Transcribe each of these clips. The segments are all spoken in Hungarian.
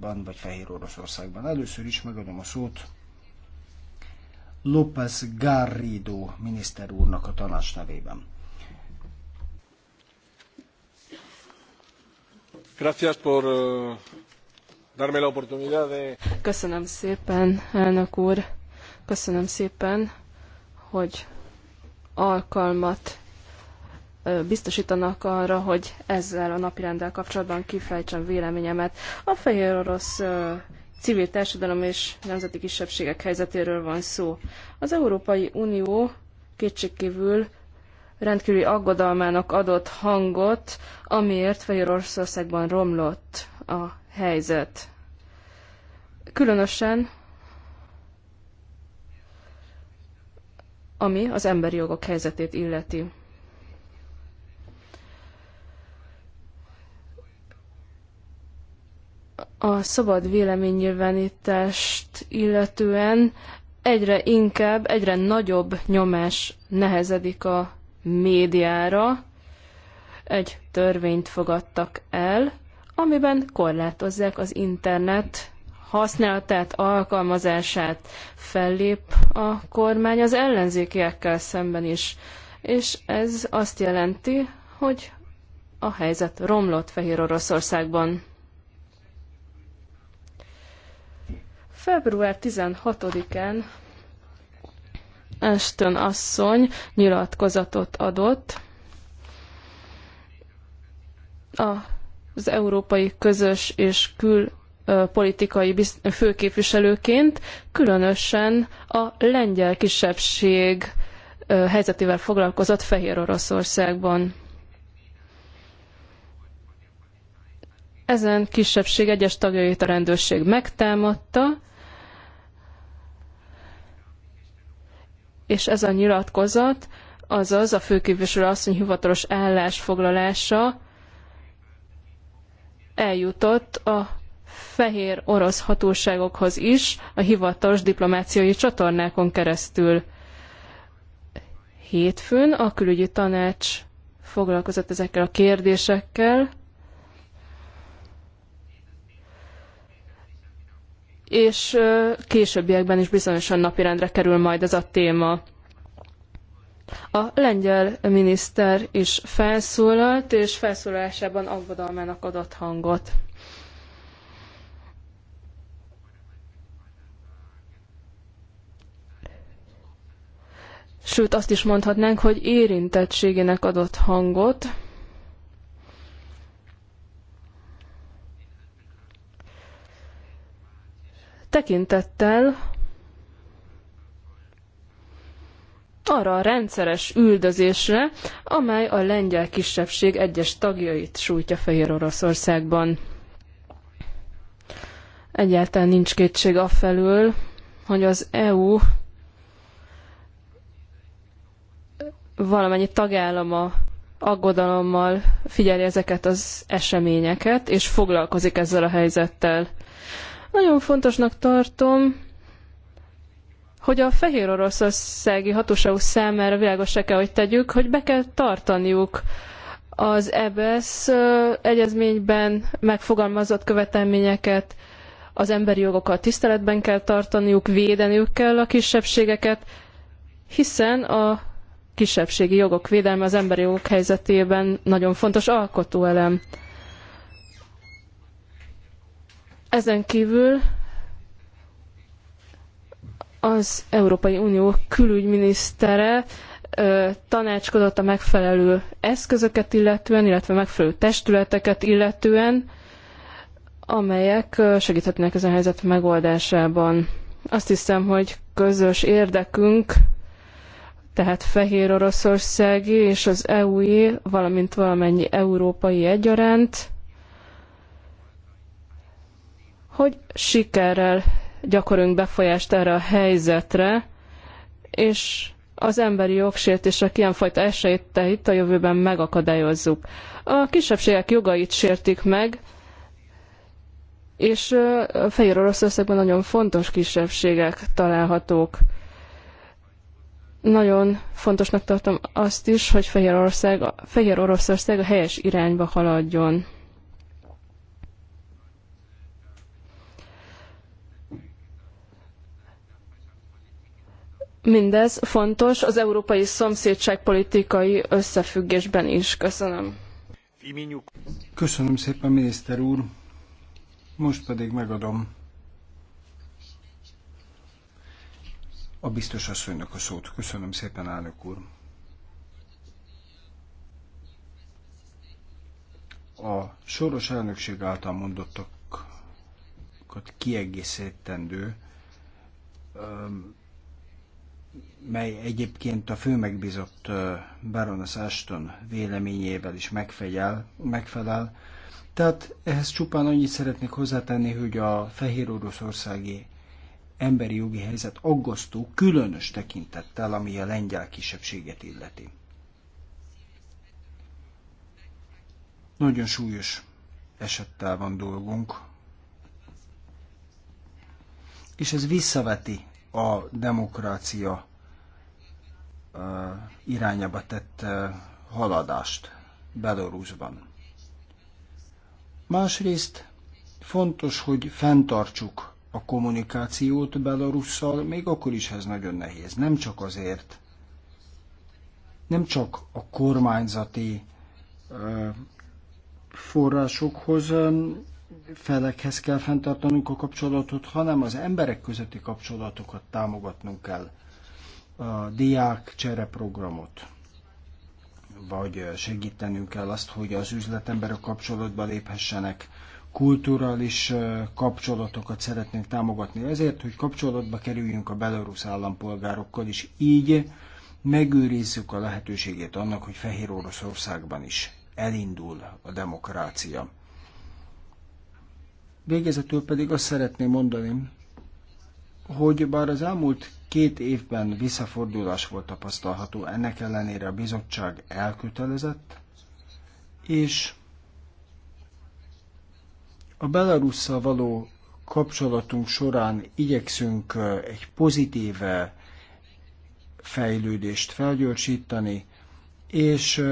Oroszországban, vagy Fehér Oroszországban. Először is megadom a szót López Garrido miniszter úrnak a tanács nevében. Gracias por eh, darme la oportunidad de... Köszönöm szépen, elnök úr. Köszönöm szépen, hogy alkalmat biztosítanak arra, hogy ezzel a napirenddel kapcsolatban kifejtsem véleményemet. A fehér orosz civil társadalom és nemzeti kisebbségek helyzetéről van szó. Az Európai Unió kétségkívül rendkívüli aggodalmának adott hangot, amiért Fehéroroszországban romlott a helyzet. Különösen ami az emberi jogok helyzetét illeti. a szabad véleménynyilvánítást illetően egyre inkább, egyre nagyobb nyomás nehezedik a médiára. Egy törvényt fogadtak el, amiben korlátozzák az internet használatát, alkalmazását. Fellép a kormány az ellenzékiekkel szemben is. És ez azt jelenti, hogy a helyzet romlott Fehér Oroszországban. Február 16-án Ashton asszony nyilatkozatot adott az európai közös és kül politikai főképviselőként, különösen a lengyel kisebbség helyzetével foglalkozott Fehér Oroszországban. Ezen kisebbség egyes tagjait a rendőrség megtámadta, és ez a nyilatkozat, azaz a főképviselő asszony hivatalos állásfoglalása eljutott a fehér orosz hatóságokhoz is a hivatalos diplomáciai csatornákon keresztül. Hétfőn a külügyi tanács foglalkozott ezekkel a kérdésekkel, és későbbiekben is bizonyosan napirendre kerül majd ez a téma. A lengyel miniszter is felszólalt, és felszólalásában aggodalmának adott hangot. Sőt, azt is mondhatnánk, hogy érintettségének adott hangot. tekintettel arra a rendszeres üldözésre, amely a lengyel kisebbség egyes tagjait sújtja Fehér Oroszországban. Egyáltalán nincs kétség afelől, hogy az EU valamennyi tagállama aggodalommal figyeli ezeket az eseményeket, és foglalkozik ezzel a helyzettel. Nagyon fontosnak tartom, hogy a fehér oroszországi hatóságok számára világosra kell, hogy tegyük, hogy be kell tartaniuk az EBSZ e egyezményben megfogalmazott követelményeket, az emberi jogokat tiszteletben kell tartaniuk, védeniük kell a kisebbségeket, hiszen a kisebbségi jogok védelme az emberi jogok helyzetében nagyon fontos alkotóelem. elem. Ezen kívül az Európai Unió külügyminisztere tanácskozott a megfelelő eszközöket illetően, illetve megfelelő testületeket illetően, amelyek segíthetnek ezen helyzet megoldásában. Azt hiszem, hogy közös érdekünk, tehát Fehér Oroszországi és az EU-i, valamint valamennyi európai egyaránt, hogy sikerrel gyakorunk befolyást erre a helyzetre, és az emberi jogsértések ilyenfajta itt a jövőben megakadályozzuk. A kisebbségek jogait sértik meg, és Fehér Oroszországban nagyon fontos kisebbségek találhatók. Nagyon fontosnak tartom azt is, hogy Fehér, Oroszország, Fehér Oroszország a helyes irányba haladjon. Mindez fontos az európai szomszédság politikai összefüggésben is. Köszönöm. Köszönöm szépen, miniszter úr. Most pedig megadom a biztos asszonynak a szót. Köszönöm szépen, elnök úr. A soros elnökség által mondottakat kiegészítendő mely egyébként a főmegbízott Baroness Ashton véleményével is megfegyel, megfelel. Tehát ehhez csupán annyit szeretnék hozzátenni, hogy a fehér oroszországi emberi jogi helyzet aggasztó, különös tekintettel, ami a lengyel kisebbséget illeti. Nagyon súlyos esettel van dolgunk, és ez visszaveti a demokrácia irányába tett haladást Belarusban. Másrészt fontos, hogy fenntartsuk a kommunikációt Belarusszal, még akkor is ez nagyon nehéz. Nem csak azért, nem csak a kormányzati forrásokhoz, felekhez kell fenntartanunk a kapcsolatot, hanem az emberek közötti kapcsolatokat támogatnunk kell a diák csereprogramot, vagy segítenünk kell azt, hogy az üzletemberek kapcsolatba léphessenek, kulturális kapcsolatokat szeretnénk támogatni ezért, hogy kapcsolatba kerüljünk a belorusz állampolgárokkal, és így megőrizzük a lehetőségét annak, hogy Fehér Oroszországban is elindul a demokrácia. Végezetül pedig azt szeretném mondani, hogy bár az elmúlt két évben visszafordulás volt tapasztalható, ennek ellenére a bizottság elkötelezett, és a Belarusszal való kapcsolatunk során igyekszünk egy pozitív fejlődést felgyorsítani, és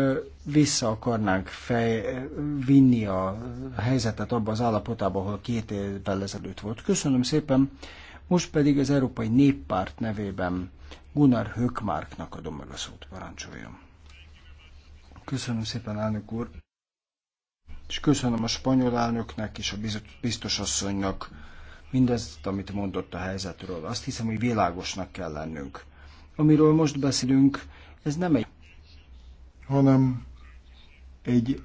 vissza akarnánk fej, vinni a helyzetet abba az állapotába, ahol két évvel ezelőtt volt. Köszönöm szépen! Most pedig az Európai Néppárt nevében Gunnar Hökmarknak adom meg a szót, parancsoljon. Köszönöm szépen, elnök úr, és köszönöm a spanyol elnöknek és a biztos mindezt, amit mondott a helyzetről. Azt hiszem, hogy világosnak kell lennünk. Amiről most beszélünk, ez nem egy, hanem egy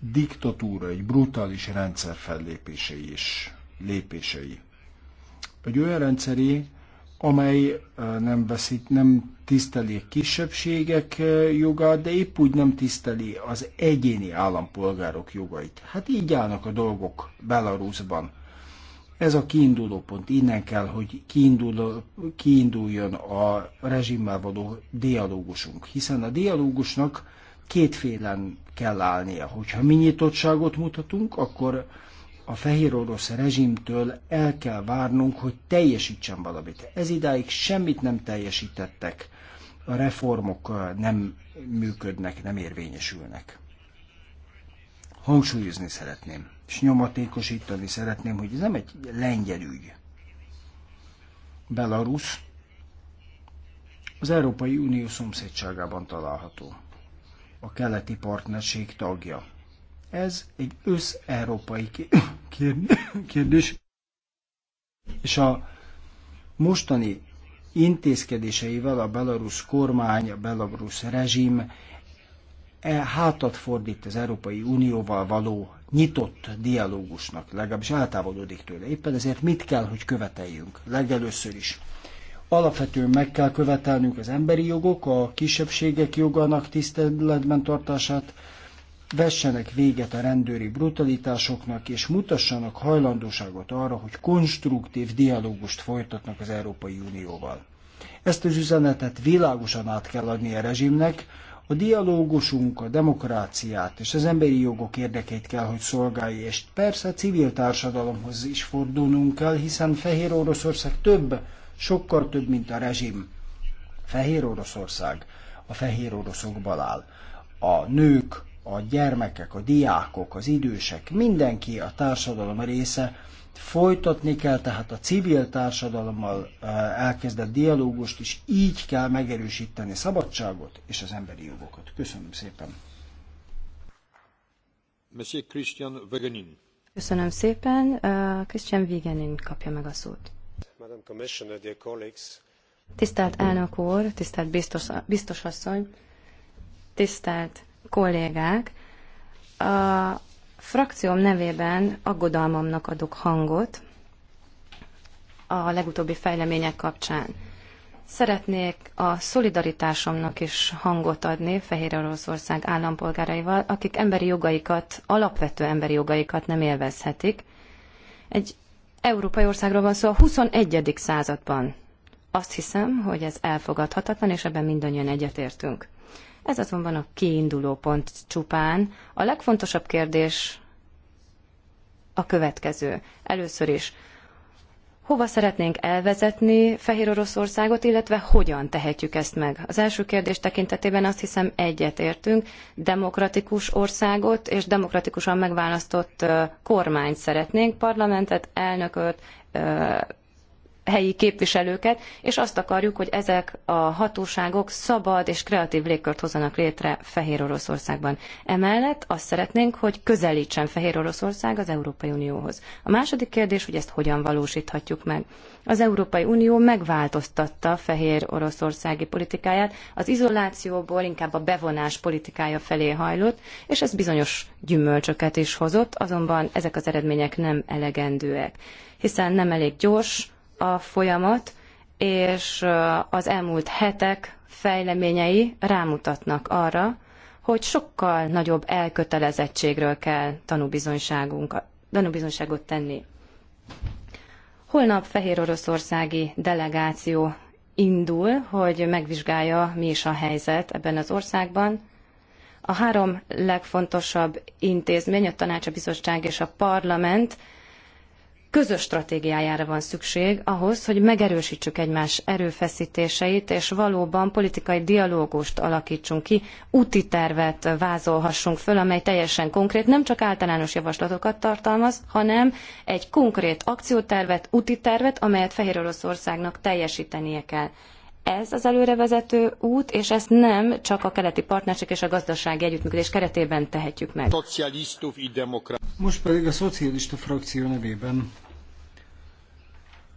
diktatúra, egy brutális rendszer fellépései és lépései egy olyan rendszeré, amely nem, veszít, nem tiszteli a kisebbségek jogát, de épp úgy nem tiszteli az egyéni állampolgárok jogait. Hát így állnak a dolgok Belarusban. Ez a kiinduló pont, innen kell, hogy kiindul, kiinduljon a rezsimmel való dialógusunk, hiszen a dialógusnak kétfélen kell állnia. Hogyha mi nyitottságot mutatunk, akkor a fehér orosz rezsimtől el kell várnunk, hogy teljesítsen valamit. Ez idáig semmit nem teljesítettek, a reformok nem működnek, nem érvényesülnek. Hangsúlyozni szeretném, és nyomatékosítani szeretném, hogy ez nem egy lengyel ügy. Belarus az Európai Unió szomszédságában található. A keleti partnerség tagja. Ez egy össz-európai kérdés, és a mostani intézkedéseivel a belarusz kormány, a belarusz rezsim e hátat fordít az Európai Unióval való nyitott dialógusnak, legalábbis eltávolodik tőle. Éppen ezért mit kell, hogy követeljünk? Legelőször is. Alapvetően meg kell követelnünk az emberi jogok, a kisebbségek jogának tiszteletben tartását, vessenek véget a rendőri brutalitásoknak, és mutassanak hajlandóságot arra, hogy konstruktív dialógust folytatnak az Európai Unióval. Ezt az üzenetet világosan át kell adni a rezsimnek, a dialógusunk a demokráciát és az emberi jogok érdekeit kell, hogy szolgálja, és persze a civil társadalomhoz is fordulnunk kell, hiszen Fehér Oroszország több, sokkal több, mint a rezsim. Fehér Oroszország a fehér oroszokban áll. A nők, a gyermekek, a diákok, az idősek, mindenki a társadalom része, folytatni kell tehát a civil társadalommal eh, elkezdett dialógust, és így kell megerősíteni szabadságot és az emberi jogokat. Köszönöm szépen! Monsieur Christian Wegenin. Köszönöm szépen. Eh, Christian Wegenin kapja meg a szót. Madam Commissioner, dear colleagues. Tisztelt elnök úr, tisztelt biztos, biztos asszony, tisztelt kollégák, a frakcióm nevében aggodalmamnak adok hangot a legutóbbi fejlemények kapcsán. Szeretnék a szolidaritásomnak is hangot adni Fehér Oroszország állampolgáraival, akik emberi jogaikat, alapvető emberi jogaikat nem élvezhetik. Egy európai országról van szó a 21. században. Azt hiszem, hogy ez elfogadhatatlan, és ebben mindannyian egyetértünk. Ez azonban a kiinduló pont csupán. A legfontosabb kérdés a következő. Először is, hova szeretnénk elvezetni Fehér Oroszországot, illetve hogyan tehetjük ezt meg? Az első kérdés tekintetében azt hiszem egyet értünk: demokratikus országot és demokratikusan megválasztott kormányt szeretnénk, parlamentet, elnököt, helyi képviselőket, és azt akarjuk, hogy ezek a hatóságok szabad és kreatív légkört hozzanak létre Fehér Oroszországban. Emellett azt szeretnénk, hogy közelítsen Fehér Oroszország az Európai Unióhoz. A második kérdés, hogy ezt hogyan valósíthatjuk meg. Az Európai Unió megváltoztatta Fehér Oroszországi politikáját, az izolációból inkább a bevonás politikája felé hajlott, és ez bizonyos gyümölcsöket is hozott, azonban ezek az eredmények nem elegendőek, hiszen nem elég gyors, a folyamat, és az elmúlt hetek fejleményei rámutatnak arra, hogy sokkal nagyobb elkötelezettségről kell tanúbizonyságot tenni. Holnap Fehér Oroszországi delegáció indul, hogy megvizsgálja, mi is a helyzet ebben az országban. A három legfontosabb intézmény, a tanács, a bizottság és a parlament közös stratégiájára van szükség ahhoz, hogy megerősítsük egymás erőfeszítéseit, és valóban politikai dialógust alakítsunk ki, úti tervet vázolhassunk föl, amely teljesen konkrét, nem csak általános javaslatokat tartalmaz, hanem egy konkrét akciótervet, úti tervet, amelyet Fehér Oroszországnak teljesítenie kell ez az előrevezető út, és ezt nem csak a keleti partnerség és a gazdasági együttműködés keretében tehetjük meg. Most pedig a szocialista frakció nevében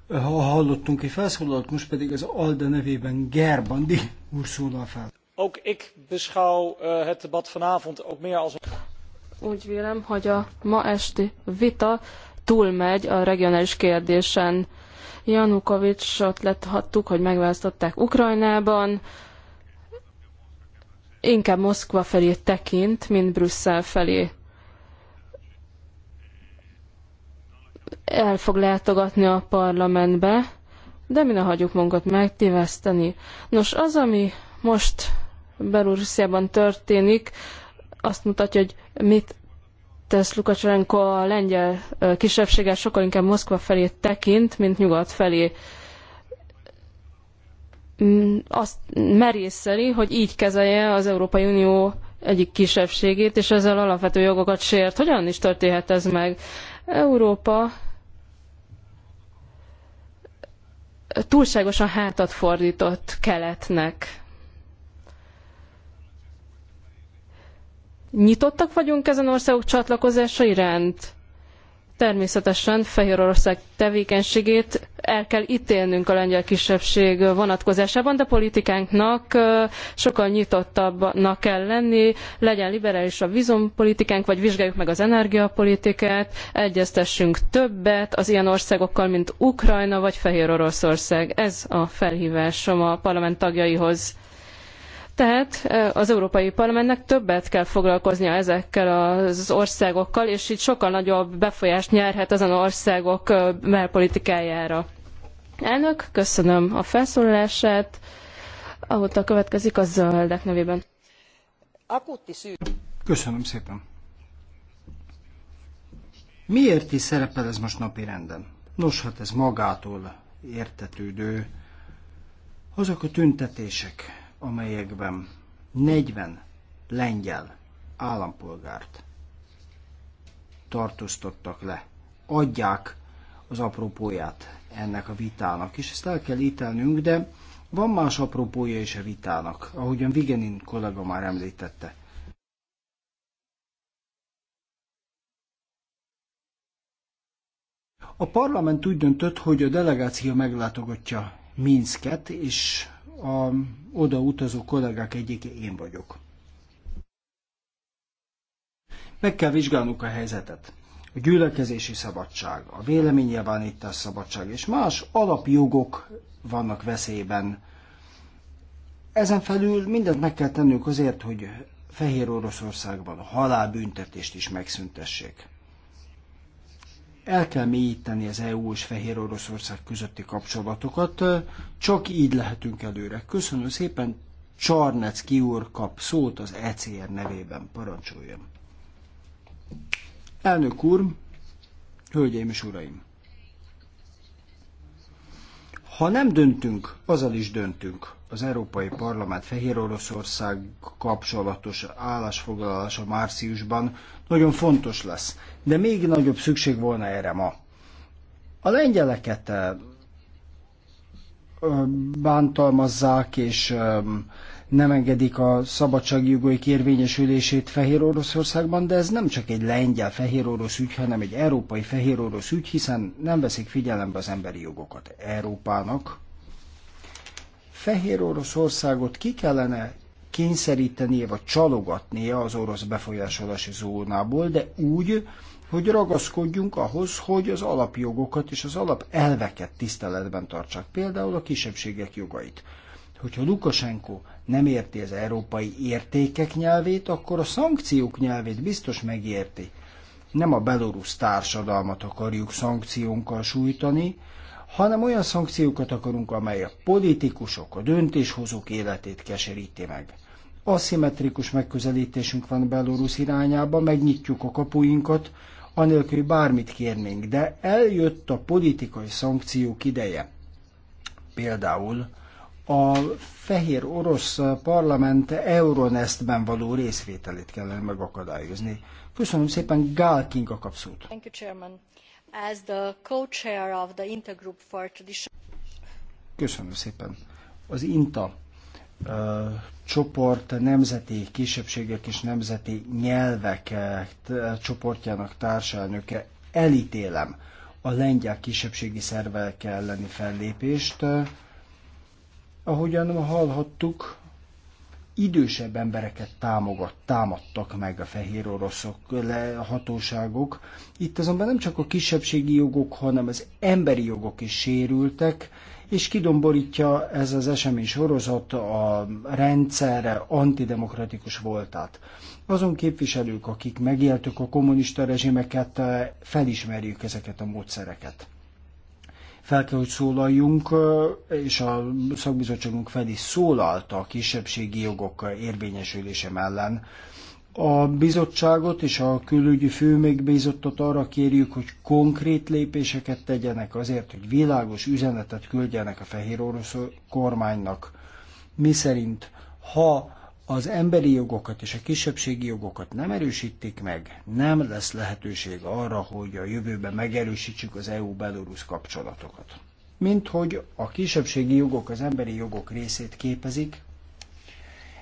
eh, ha hallottunk egy felszólalt, most pedig az ALDE nevében Gerbandi úr szólal fel. Ook ik beschouw eh, het debat vanavond ook meer als... Úgy vélem, hogy a ma esti vita túlmegy a regionális kérdésen Janukovicsot láthattuk, hogy megválasztották Ukrajnában, inkább Moszkva felé tekint, mint Brüsszel felé. El fog látogatni a parlamentbe, de mi ne hagyjuk magunkat megtéveszteni. Nos, az, ami most Belorussziában történik, azt mutatja, hogy mit tesz Lukacsenko a lengyel kisebbséggel sokkal inkább Moszkva felé tekint, mint nyugat felé. Mm, azt merészeli, hogy így kezelje az Európai Unió egyik kisebbségét, és ezzel alapvető jogokat sért. Hogyan is történhet ez meg? Európa túlságosan hátat fordított keletnek. Nyitottak vagyunk ezen országok csatlakozása iránt? Természetesen Fehérország tevékenységét el kell ítélnünk a lengyel kisebbség vonatkozásában, de politikánknak sokkal nyitottabbnak kell lenni, legyen liberális a vízumpolitikánk, vagy vizsgáljuk meg az energiapolitikát, egyeztessünk többet az ilyen országokkal, mint Ukrajna vagy Oroszország. Ez a felhívásom a parlament tagjaihoz. Tehát az Európai Parlamentnek többet kell foglalkoznia ezekkel az országokkal, és így sokkal nagyobb befolyást nyerhet azon országok belpolitikájára. Elnök, köszönöm a felszólalását. Ahóta következik a zöldek nevében. Köszönöm szépen. Miért is szerepel ez most napi renden? Nos, hát ez magától értetődő. Azok a tüntetések, amelyekben 40 lengyel állampolgárt tartóztattak le. Adják az apropóját ennek a vitának, és ezt el kell ítelnünk, de van más apropója is a vitának, ahogyan Vigenin kollega már említette. A parlament úgy döntött, hogy a delegáció meglátogatja Minsket, és a oda utazó kollégák egyike én vagyok. Meg kell vizsgálnunk a helyzetet. A gyülekezési szabadság, a véleménynyilvánítás szabadság és más alapjogok vannak veszélyben. Ezen felül mindent meg kell tennünk azért, hogy Fehér Oroszországban a halálbüntetést is megszüntessék el kell mélyíteni az EU és Fehér Oroszország közötti kapcsolatokat, csak így lehetünk előre. Köszönöm szépen, Csarnecki úr kap szót az ECR nevében, parancsoljon. Elnök úr, hölgyeim és uraim! Ha nem döntünk, azzal is döntünk az Európai Parlament Fehér Oroszország kapcsolatos állásfoglalása márciusban nagyon fontos lesz, de még nagyobb szükség volna erre ma. A lengyeleket bántalmazzák és nem engedik a szabadságjogaik érvényesülését Fehér Oroszországban, de ez nem csak egy lengyel fehér orosz ügy, hanem egy európai fehér orosz ügy, hiszen nem veszik figyelembe az emberi jogokat Európának, Fehér Oroszországot ki kellene kényszerítenie vagy csalogatnia az orosz befolyásolási zónából, de úgy, hogy ragaszkodjunk ahhoz, hogy az alapjogokat és az alapelveket tiszteletben tartsák, például a kisebbségek jogait. Hogyha Lukasenko nem érti az európai értékek nyelvét, akkor a szankciók nyelvét biztos megérti. Nem a belorusz társadalmat akarjuk szankciónkkal sújtani, hanem olyan szankciókat akarunk, amely a politikusok, a döntéshozók életét keseríti meg. Aszimmetrikus megközelítésünk van Belarus irányába, megnyitjuk a kapuinkat, anélkül, hogy bármit kérnénk, de eljött a politikai szankciók ideje. Például a fehér orosz parlament Euronestben való részvételét kellene megakadályozni. Köszönöm szépen, Gál Kinga kapszót as the co-chair of the intergroup for traditional... Köszönöm szépen. Az INTA ö, csoport nemzeti kisebbségek és nemzeti nyelvek ö, csoportjának társelnöke elítélem a lengyel kisebbségi szervek elleni fellépést. Ahogyan hallhattuk, idősebb embereket támogat, támadtak meg a fehér oroszok le, hatóságok. Itt azonban nem csak a kisebbségi jogok, hanem az emberi jogok is sérültek, és kidomborítja ez az esemény sorozat a rendszerre antidemokratikus voltát. Azon képviselők, akik megéltük a kommunista rezsimeket, felismerjük ezeket a módszereket fel kell, hogy szólaljunk, és a szakbizottságunk fel is szólalta a kisebbségi jogok érvényesülése ellen. A bizottságot és a külügyi főmegbízottat arra kérjük, hogy konkrét lépéseket tegyenek azért, hogy világos üzenetet küldjenek a fehér orosz kormánynak, szerint, ha az emberi jogokat és a kisebbségi jogokat nem erősítik meg, nem lesz lehetőség arra, hogy a jövőben megerősítsük az EU-Belarus kapcsolatokat. Mint hogy a kisebbségi jogok az emberi jogok részét képezik,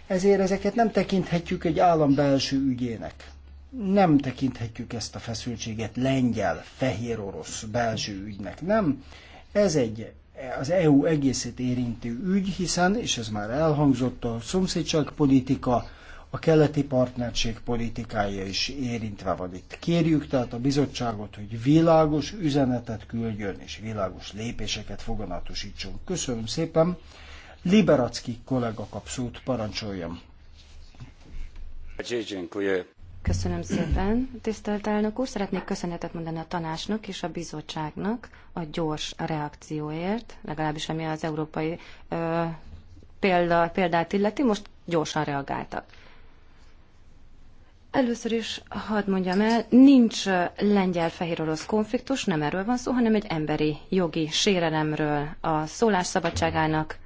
ezért ezeket nem tekinthetjük egy állam belső ügyének. Nem tekinthetjük ezt a feszültséget lengyel, fehér orosz belső ügynek. Nem, ez egy az EU egészét érintő ügy, hiszen, és ez már elhangzott, a szomszédságpolitika, a keleti partnerség politikája is érintve van itt. Kérjük tehát a bizottságot, hogy világos üzenetet küldjön, és világos lépéseket foganatosítson. Köszönöm szépen. Liberacki kollega kap szót, parancsoljam. Köszönöm szépen, tisztelt elnök úr. Szeretnék köszönetet mondani a tanácsnak és a bizottságnak a gyors reakcióért, legalábbis ami az európai ö, példa, példát illeti, most gyorsan reagáltak. Először is hadd mondjam el, nincs lengyel-fehér-orosz konfliktus, nem erről van szó, hanem egy emberi jogi sérelemről, a szólásszabadságának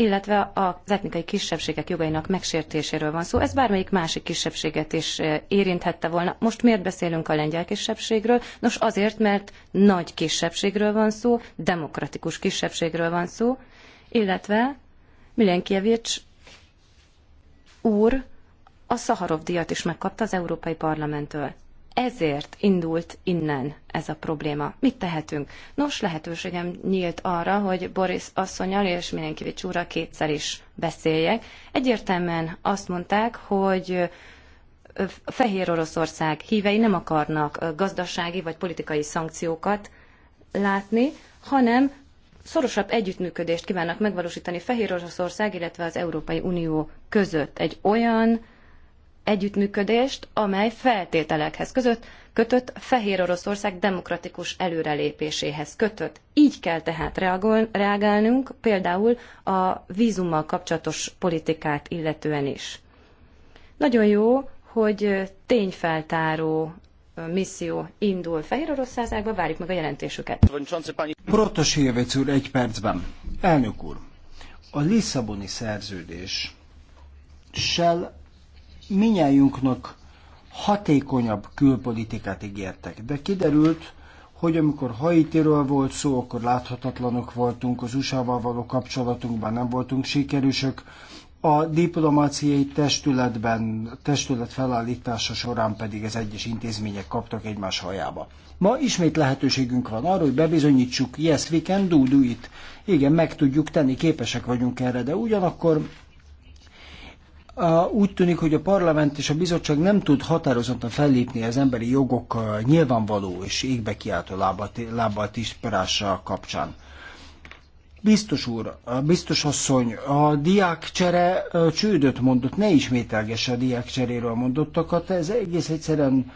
illetve az etnikai kisebbségek jogainak megsértéséről van szó. Ez bármelyik másik kisebbséget is eh, érinthette volna. Most miért beszélünk a lengyel kisebbségről? Nos, azért, mert nagy kisebbségről van szó, demokratikus kisebbségről van szó, illetve Milenkiewicz úr a Szaharov díjat is megkapta az Európai Parlamenttől ezért indult innen ez a probléma. Mit tehetünk? Nos, lehetőségem nyílt arra, hogy Boris asszonyal és Milenkivics úrral kétszer is beszéljek. Egyértelműen azt mondták, hogy Fehér Oroszország hívei nem akarnak gazdasági vagy politikai szankciókat látni, hanem szorosabb együttműködést kívánnak megvalósítani Fehér Oroszország, illetve az Európai Unió között. Egy olyan együttműködést, amely feltételekhez között kötött Fehér Oroszország demokratikus előrelépéséhez kötött. Így kell tehát reagol, reagálnunk például a vízummal kapcsolatos politikát illetően is. Nagyon jó, hogy tényfeltáró misszió indul Fehér Oroszországba, várjuk meg a jelentésüket. Protosievec úr egy percben. Elnök úr, a Lisszaboni szerződés Shell minnyájunknak hatékonyabb külpolitikát ígértek, de kiderült, hogy amikor Haitiről volt szó, akkor láthatatlanok voltunk, az USA-val való kapcsolatunkban nem voltunk sikerűsök, a diplomáciai testületben, testület felállítása során pedig az egyes intézmények kaptak egymás hajába. Ma ismét lehetőségünk van arra, hogy bebizonyítsuk, yes, we can do, do it. Igen, meg tudjuk tenni, képesek vagyunk erre, de ugyanakkor úgy tűnik, hogy a parlament és a bizottság nem tud határozottan fellépni az emberi jogok nyilvánvaló és égbe kiáltó lábbal tisztparása kapcsán. Biztos úr, biztos asszony, a diákcsere csődöt mondott, ne ismételgesse a diákcseréről mondottakat, ez egész egyszerűen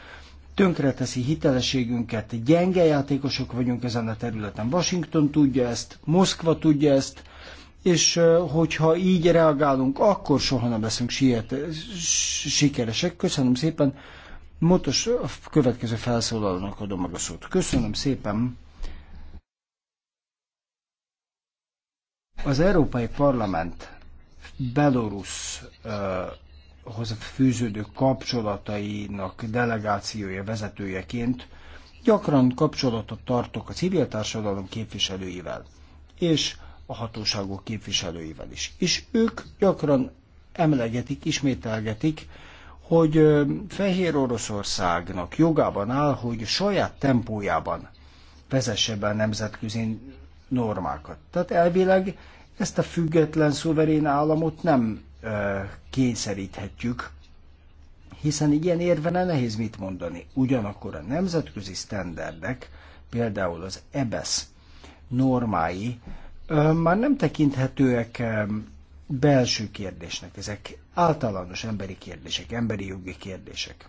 tönkreteszi hitelességünket, gyenge játékosok vagyunk ezen a területen. Washington tudja ezt, Moszkva tudja ezt, és hogyha így reagálunk, akkor soha nem leszünk siet, sikeresek. Köszönöm szépen. Motos a következő felszólalónak adom meg a szót. Köszönöm szépen. Az Európai Parlament Belarus fűződő kapcsolatainak delegációja vezetőjeként gyakran kapcsolatot tartok a civil társadalom képviselőivel. És a hatóságok képviselőivel is. És ők gyakran emlegetik, ismételgetik, hogy Fehér Oroszországnak jogában áll, hogy saját tempójában vezesse be a nemzetközi normákat. Tehát elvileg ezt a független szuverén államot nem e, kényszeríthetjük, hiszen ilyen érvene nehéz mit mondani. Ugyanakkor a nemzetközi sztenderdek, például az EBESZ normái már nem tekinthetőek belső kérdésnek, ezek általános emberi kérdések, emberi jogi kérdések.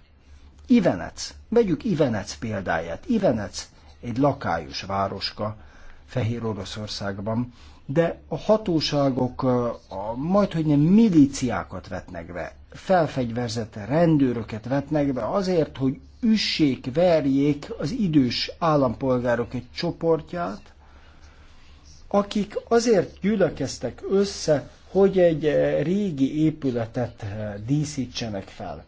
Ivenec, vegyük Ivenec példáját. Ivenec egy lakályos városka Fehér Oroszországban, de a hatóságok a, majd, nem miliciákat vetnek be, felfegyverzett rendőröket vetnek be azért, hogy üssék, verjék az idős állampolgárok egy csoportját, akik azért gyülekeztek össze, hogy egy eh, régi épületet eh, díszítsenek fel.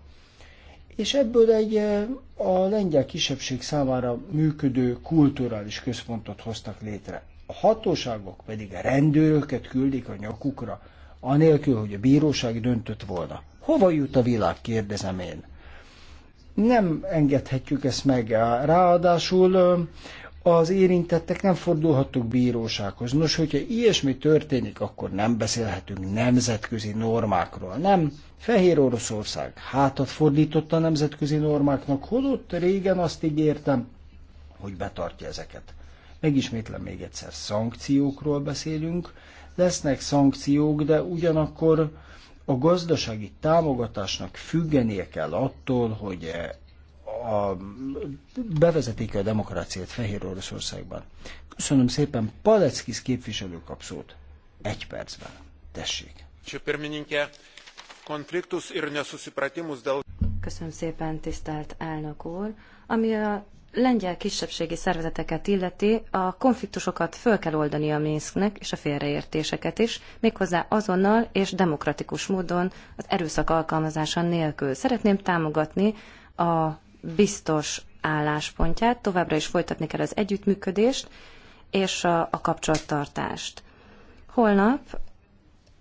És ebből egy eh, a lengyel kisebbség számára működő kulturális központot hoztak létre. A hatóságok pedig a rendőröket küldik a nyakukra, anélkül, hogy a bíróság döntött volna. Hova jut a világ, kérdezem én. Nem engedhetjük ezt meg. Ráadásul az érintettek nem fordulhattuk bírósághoz. Nos, hogyha ilyesmi történik, akkor nem beszélhetünk nemzetközi normákról. Nem, Fehér Oroszország hátat fordított a nemzetközi normáknak, holott régen azt ígértem, hogy betartja ezeket. Megismétlem még egyszer, szankciókról beszélünk, lesznek szankciók, de ugyanakkor a gazdasági támogatásnak függenie kell attól, hogy a, bevezetik a demokráciát Fehér Oroszországban. Köszönöm szépen, Paleckis képviselő kapszót Egy percben. Tessék. Köszönöm szépen, tisztelt elnök úr. Ami a lengyel kisebbségi szervezeteket illeti, a konfliktusokat föl kell oldani a Minsknek, és a félreértéseket is, méghozzá azonnal és demokratikus módon az erőszak alkalmazása nélkül. Szeretném támogatni a biztos álláspontját, továbbra is folytatni kell az együttműködést és a, a kapcsolattartást. Holnap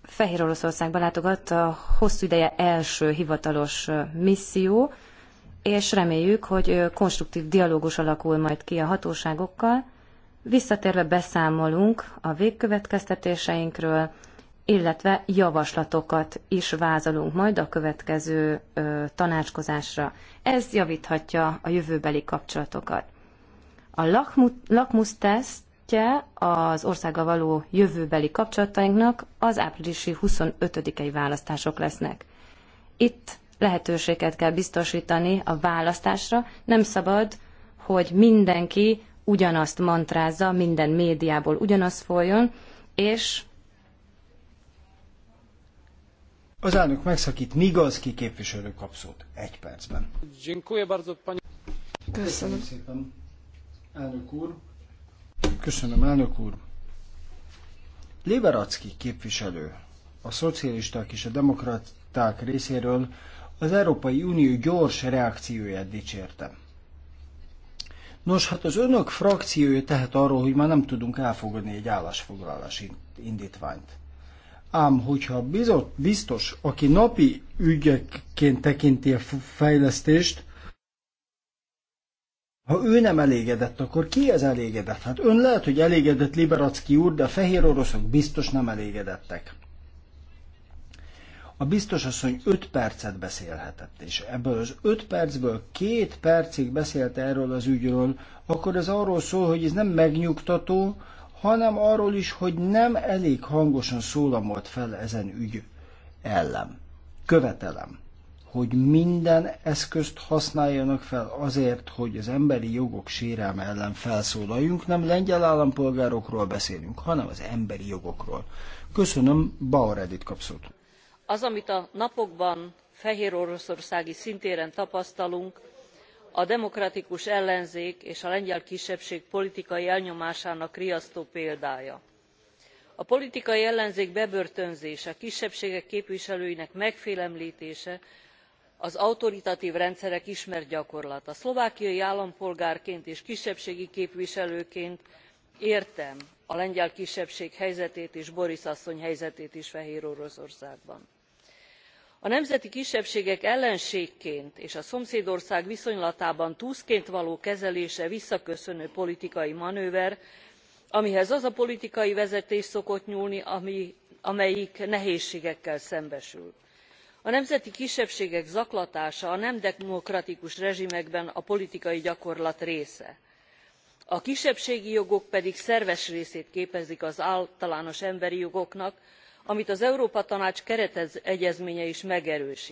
Fehér Oroszországba látogat a hosszú ideje első hivatalos misszió, és reméljük, hogy konstruktív dialógus alakul majd ki a hatóságokkal. Visszatérve beszámolunk a végkövetkeztetéseinkről, illetve javaslatokat is vázolunk majd a következő ö, tanácskozásra. Ez javíthatja a jövőbeli kapcsolatokat. A lakmusz tesztje az országgal való jövőbeli kapcsolatainknak az áprilisi 25-i választások lesznek. Itt lehetőséget kell biztosítani a választásra, nem szabad, hogy mindenki ugyanazt mantrázza, minden médiából ugyanaz folyjon, és Az elnök megszakít, Migalski képviselő kap szót. Egy percben. Köszönöm szépen, elnök úr. Köszönöm, elnök úr. Liberacki képviselő a szocialisták és a demokraták részéről az Európai Unió gyors reakcióját dicsérte. Nos, hát az önök frakciója tehet arról, hogy már nem tudunk elfogadni egy állásfoglalási indítványt. Ám hogyha bizot, biztos, aki napi ügyekként tekinti a fejlesztést, ha ő nem elégedett, akkor ki az elégedett? Hát ön lehet, hogy elégedett Liberacki úr, de a fehér oroszok biztos nem elégedettek. A biztos asszony 5 percet beszélhetett, és ebből az 5 percből 2 percig beszélt erről az ügyről, akkor ez arról szól, hogy ez nem megnyugtató, hanem arról is, hogy nem elég hangosan szólamolt fel ezen ügy ellen. Követelem, hogy minden eszközt használjanak fel azért, hogy az emberi jogok sérelme ellen felszólaljunk. Nem lengyel állampolgárokról beszélünk, hanem az emberi jogokról. Köszönöm, Bauer Edith kapszót. Az, amit a napokban Fehéroroszországi szintéren tapasztalunk, a demokratikus ellenzék és a lengyel kisebbség politikai elnyomásának riasztó példája. a politikai ellenzék bebörtönzése a kisebbségek képviselőinek megfélemltése az autoritatv rendszerek ismert gyakorlata. szlovákiai állampolgárként és kisebbségi képviselőként értem a lengyel kisebbség helyzetét és boris asszony helyzetét is fehéroroszországban a nemzeti kisebbségek ellenségként és a szomszédország viszonylatában túszként való kezelése visszaköszönő politikai manőver amihez az a politikai vezetés szokott nyúlni amelyik nehézségekkel szembesül. a nemzeti kisebbségek zaklatása a nem demokratikus rezsimekben a politikai gyakorlat része a kisebbségi jogok pedig szerves részét képezik az általános emberi jogoknak amit az európa tanács keretegyezménye is megerőst.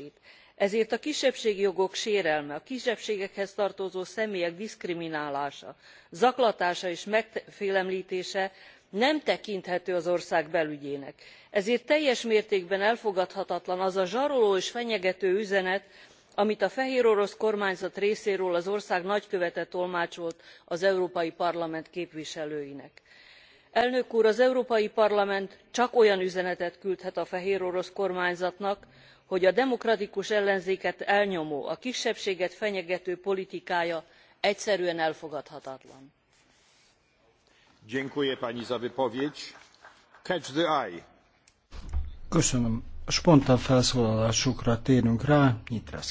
ezért a kisebbségi jogok sérelme a kisebbségekhez tartozó személyek diszkriminálása zaklatása és megfélemltése nem tekinthető az ország belügyének ezért teljes mértékben elfogadhatatlan az a zsaroló és fenyegető üzenet amit a fehérorosz kormányzat részéről az ország nagykövete tolmácsolt az európai parlament képviselőinek elnök úr az európai parlament csak olyan üzenetet küldhet a fehérorosz kormányzatnak hogy a demokratikus ellenzéket elnyomó a kisebbséget fenyegető politikája egyszerűen elfogadhatatlan. Köszönöm. A spontán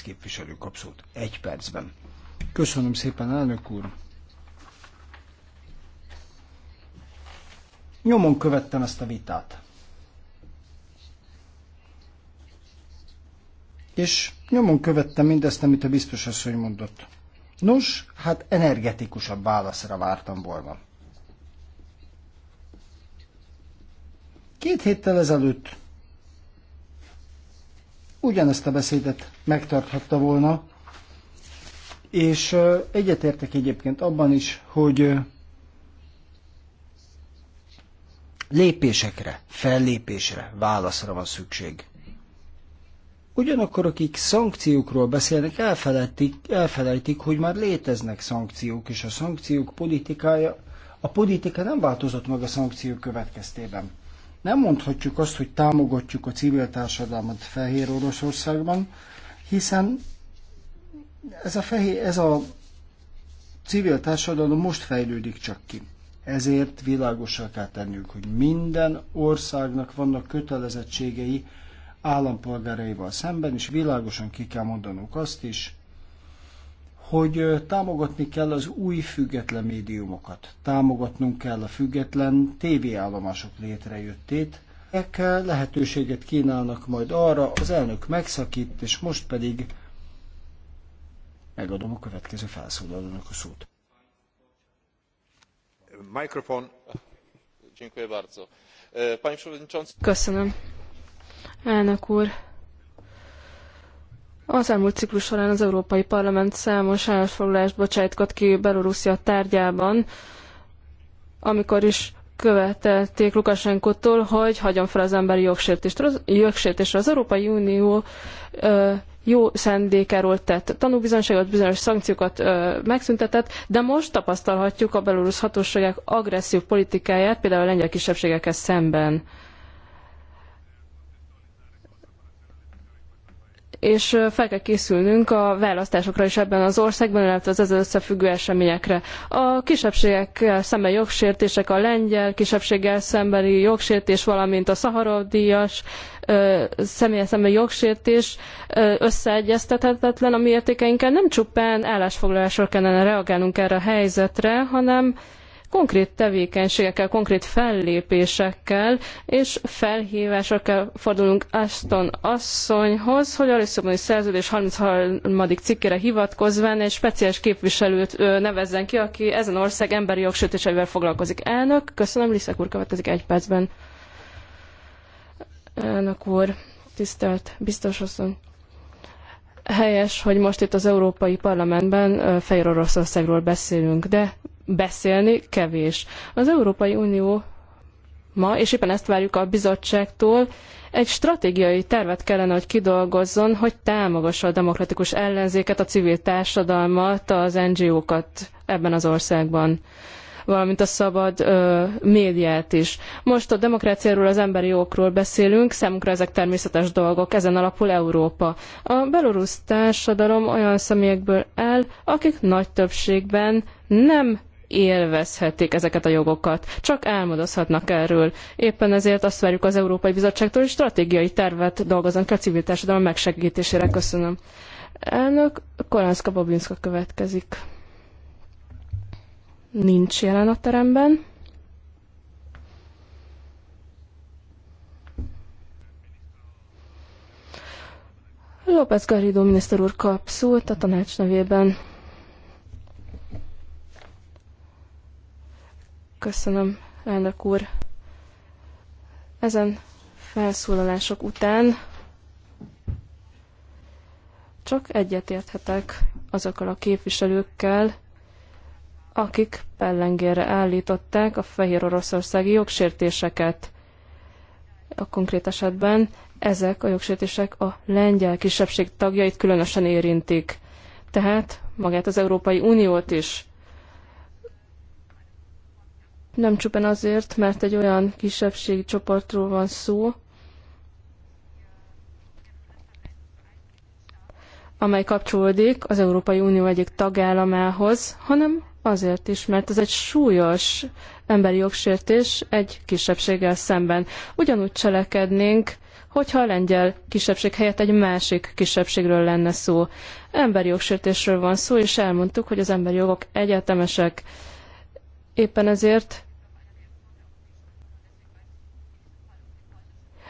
képviselő egy Köszönöm szépen, elnök úr. Nyomon követtem ezt a vitát. És nyomon követtem mindezt, amit a biztos asszony mondott. Nos, hát energetikusabb válaszra vártam volna. Két héttel ezelőtt ugyanezt a beszédet megtarthatta volna, és egyetértek egyébként abban is, hogy lépésekre, fellépésre, válaszra van szükség. Ugyanakkor, akik szankciókról beszélnek, elfelejtik, elfelejtik, hogy már léteznek szankciók, és a szankciók politikája, a politika nem változott meg a szankciók következtében. Nem mondhatjuk azt, hogy támogatjuk a civil társadalmat Fehér Oroszországban, hiszen ez a, fehér, ez a civil társadalom most fejlődik csak ki. Ezért világosá kell tennünk, hogy minden országnak vannak kötelezettségei állampolgáraival szemben, és világosan ki kell mondanunk azt is, hogy támogatni kell az új független médiumokat. Támogatnunk kell a független tévéállomások létrejöttét. Ezek lehetőséget kínálnak majd arra, az elnök megszakít, és most pedig megadom a következő felszólalónak a szót. E, Köszönöm. Elnök úr, az elmúlt ciklus során az Európai Parlament számos állásfoglalást bocsájtott ki Belorusszia tárgyában, amikor is követelték lukasenkótól hogy hagyjon fel az emberi jogsértésről. Az, az Európai Unió jó szándékáról tett tanúbizonyságot, bizonyos szankciókat ö, megszüntetett, de most tapasztalhatjuk a belorusz hatóságok agresszív politikáját, például a lengyel kisebbségekkel szemben. és fel kell készülnünk a választásokra is ebben az országban, illetve az ezzel összefüggő eseményekre. A kisebbségekkel szemben jogsértések, a lengyel kisebbséggel szembeni jogsértés, valamint a Szaharov díjas személye szemben jogsértés összeegyeztethetetlen a mi értékeinkkel. Nem csupán állásfoglalásról kellene reagálnunk erre a helyzetre, hanem konkrét tevékenységekkel, konkrét fellépésekkel, és felhívásokkal fordulunk Aston asszonyhoz, hogy a Lisszaboni Szerződés 33. cikkére hivatkozván egy speciális képviselőt nevezzen ki, aki ezen ország emberi jogsértéseivel foglalkozik. Elnök, köszönöm, Liszek úr következik egy percben. Elnök úr, tisztelt biztos asszony helyes, hogy most itt az Európai Parlamentben Fehér Oroszországról beszélünk, de beszélni kevés. Az Európai Unió ma, és éppen ezt várjuk a bizottságtól, egy stratégiai tervet kellene, hogy kidolgozzon, hogy támogassa a demokratikus ellenzéket, a civil társadalmat, az NGO-kat ebben az országban valamint a szabad ö, médiát is. Most a demokráciáról, az emberi jogokról beszélünk, számunkra ezek természetes dolgok, ezen alapul Európa. A belorusz társadalom olyan személyekből áll, akik nagy többségben nem élvezhetik ezeket a jogokat. Csak álmodozhatnak erről. Éppen ezért azt várjuk az Európai Bizottságtól, hogy stratégiai tervet dolgozzon ki a civil társadalom megsegítésére. Köszönöm. Elnök Koránszka Babinska következik. Nincs jelen a teremben. López Garrido miniszter úr kap szót a tanács nevében. Köszönöm, elnök úr. Ezen felszólalások után csak egyetérthetek azokkal a képviselőkkel, akik pellengére állították a fehér oroszországi jogsértéseket. A konkrét esetben ezek a jogsértések a lengyel kisebbség tagjait különösen érintik, tehát magát az Európai Uniót is. Nem csupán azért, mert egy olyan kisebbségi csoportról van szó, amely kapcsolódik az Európai Unió egyik tagállamához, hanem azért is, mert ez egy súlyos emberi jogsértés egy kisebbséggel szemben. Ugyanúgy cselekednénk, hogyha a lengyel kisebbség helyett egy másik kisebbségről lenne szó. Emberi jogsértésről van szó, és elmondtuk, hogy az emberi jogok egyetemesek. Éppen ezért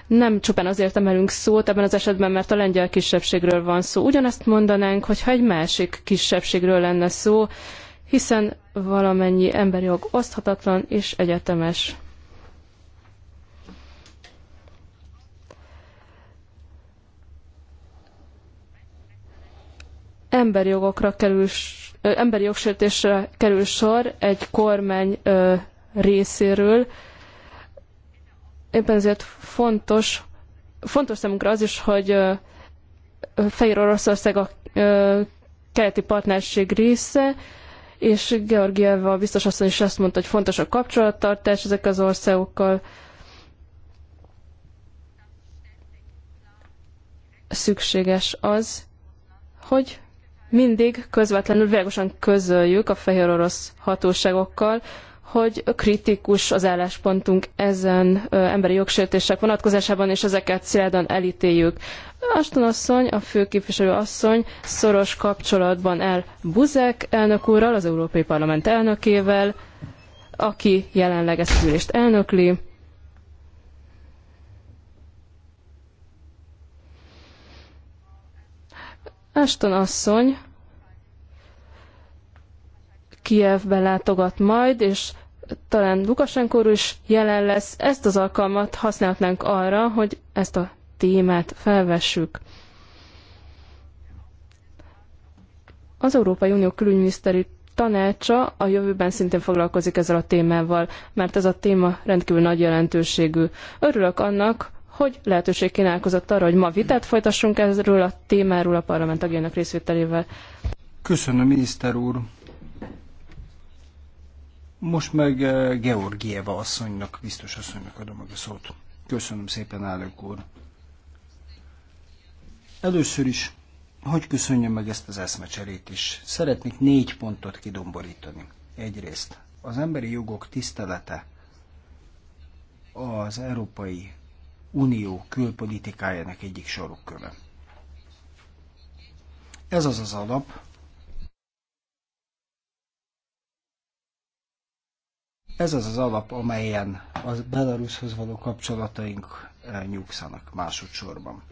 nem csupán azért emelünk szót ebben az esetben, mert a lengyel kisebbségről van szó. Ugyanezt mondanánk, hogyha egy másik kisebbségről lenne szó, hiszen valamennyi emberi jog oszthatatlan és egyetemes. Emberi jogokra kerül emberi jogsértésre kerül sor egy kormány részéről. Éppen ezért fontos, fontos számunkra az is, hogy Fehér Oroszország a keleti partnerség része, és Georgieva biztos asszony is azt mondta, hogy fontos a kapcsolattartás ezek az országokkal. Szükséges az, hogy mindig közvetlenül világosan közöljük a fehér orosz hatóságokkal, hogy kritikus az álláspontunk ezen emberi jogsértések vonatkozásában, és ezeket szilárdan elítéljük. Aston asszony, a főképviselő asszony szoros kapcsolatban el Buzek elnök úrral, az Európai Parlament elnökével, aki jelenleg ezt az ülést elnökli Ashton asszony Kievbe látogat majd, és talán Lukasenko is jelen lesz. Ezt az alkalmat használhatnánk arra, hogy ezt a témát felvessük. Az Európai Unió külügyminiszteri tanácsa a jövőben szintén foglalkozik ezzel a témával, mert ez a téma rendkívül nagy jelentőségű. Örülök annak, hogy lehetőség kínálkozott arra, hogy ma vitát folytassunk erről a témáról a parlament tagjának részvételével. Köszönöm, miniszter úr. Most meg eh, Georgieva asszonynak, biztos asszonynak adom meg a szót. Köszönöm szépen, elnök úr. Először is, hogy köszönjem meg ezt az eszmecserét is. Szeretnék négy pontot kidomborítani. Egyrészt, az emberi jogok tisztelete az Európai Unió külpolitikájának egyik sarokköve. Ez az az alap, ez az az alap, amelyen az Belarushoz való kapcsolataink eh, nyugszanak másodszorban.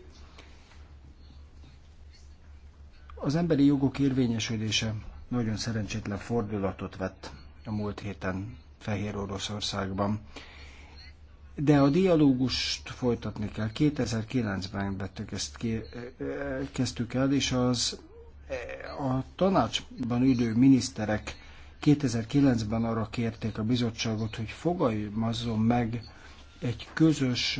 Az emberi jogok érvényesülése nagyon szerencsétlen fordulatot vett a múlt héten Fehér Oroszországban de a dialógust folytatni kell. 2009-ben vettük ezt ki, eh, eh, kezdtük el, és az eh, a tanácsban ülő miniszterek 2009-ben arra kérték a bizottságot, hogy fogalmazzon meg egy közös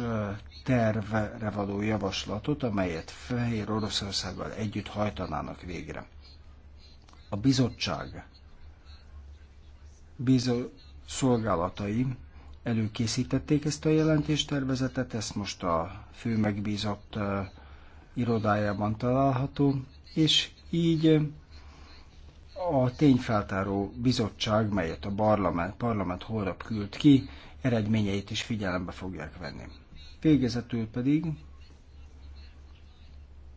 tervre való javaslatot, amelyet Fehér Oroszországgal együtt hajtanának végre. A bizottság bizo- szolgálatai előkészítették ezt a jelentéstervezetet, ezt most a fő megbízott irodájában található, és így a tényfeltáró bizottság, melyet a parlament, parlament holnap küld ki, eredményeit is figyelembe fogják venni. Végezetül pedig,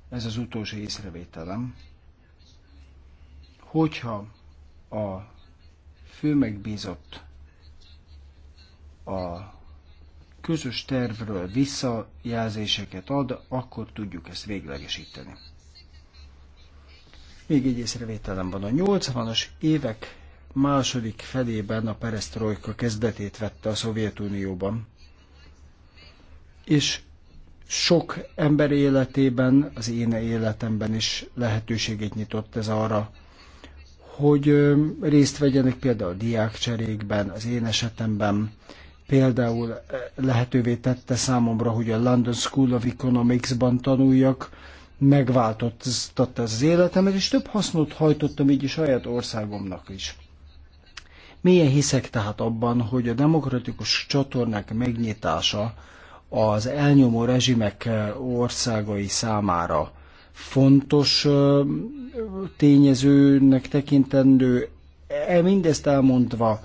ez az utolsó észrevételem, hogyha a megbízott a közös tervről visszajelzéseket ad, akkor tudjuk ezt véglegesíteni. Még egy észrevételem van a 80-as évek második felében a perestroika kezdetét vette a Szovjetunióban, és sok ember életében, az én életemben is lehetőséget nyitott ez arra, hogy részt vegyenek például a diákcserékben, az én esetemben, például lehetővé tette számomra, hogy a London School of Economics-ban tanuljak, megváltoztatta az életemet, és több hasznot hajtottam így a saját országomnak is. Milyen hiszek tehát abban, hogy a demokratikus csatornák megnyitása az elnyomó rezsimek eh, országai számára fontos eh, tényezőnek tekintendő, e mindezt elmondva,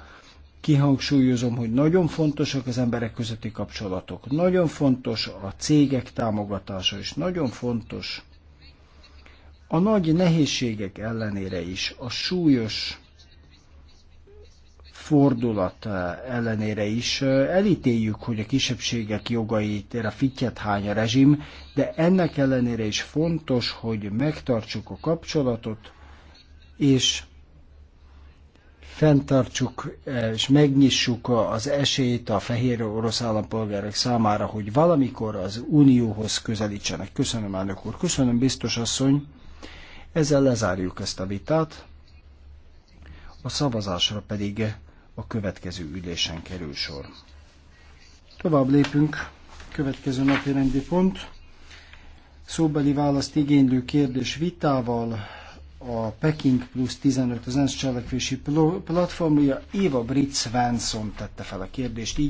Kihangsúlyozom, hogy nagyon fontosak az emberek közötti kapcsolatok, nagyon fontos a cégek támogatása, és nagyon fontos a nagy nehézségek ellenére is, a súlyos fordulat eh, ellenére is eh, elítéljük, hogy a kisebbségek jogait a fittyet hány a rezsim, de ennek ellenére is fontos, hogy megtartsuk a kapcsolatot, és fenntartsuk és megnyissuk az esélyt a fehér orosz állampolgárok számára, hogy valamikor az unióhoz közelítsenek. Köszönöm, elnök úr. Köszönöm, biztos asszony. Ezzel lezárjuk ezt a vitát. A szavazásra pedig a következő ülésen kerül sor. Tovább lépünk. Következő napi rendi pont. Szóbeli választ igénylő kérdés vitával a Peking plusz 15 az ENSZ cselekvési platformja, Éva Brit Svensson tette fel a kérdést, így